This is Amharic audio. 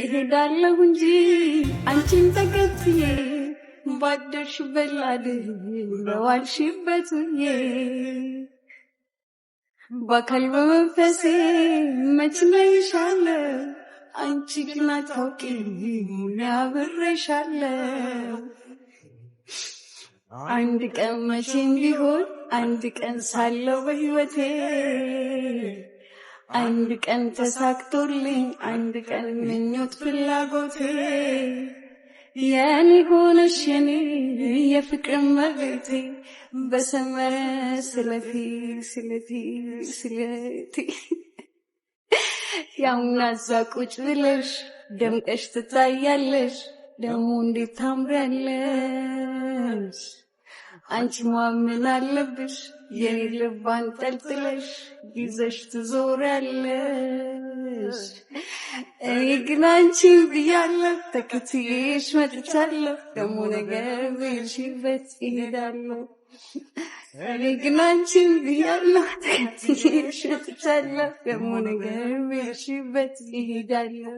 እሄዳለሁ እንጂ አንቺን ተከትዬ ባደርሽ ላድር በዋልሽበት ውዬ በአካል በመንፈሴ መች ነይሻለሁ አንቺ ግን አታውቂም ያብረሻለ አንድ ቀን መቼም ቢሆን አንድ ቀን ሳለው በህይወቴ አንድ ቀን ተሳክቶልኝ አንድ ቀን ምኞት ፍላጎቴ የኔ ሆነሽ የኔ የፍቅር መሬቴ በሰመረ ስለቴ ስለቴ ስለቴ ያውና እዛ ቁጭ ብለሽ ደምቀሽ ትታያለሽ ደግሞ እንዴት ታምሪያለሽ አንቺ ማምን አለብሽ የኔ ልብ አንጠልጥለሽ ይዘሽ ትዞሪያለሽ። እኔ ግን አንቺ ብያለሁ ተከትዬሽ መጥቻለሁ። ደግሞ ነገር ብልሽበት ይሄዳለሁ። እኔ ግን አንቺ ብያለሁ ተከትዬሽ መጥቻለሁ። ደግሞ ነገር ብልሽበት ይሄዳለሁ።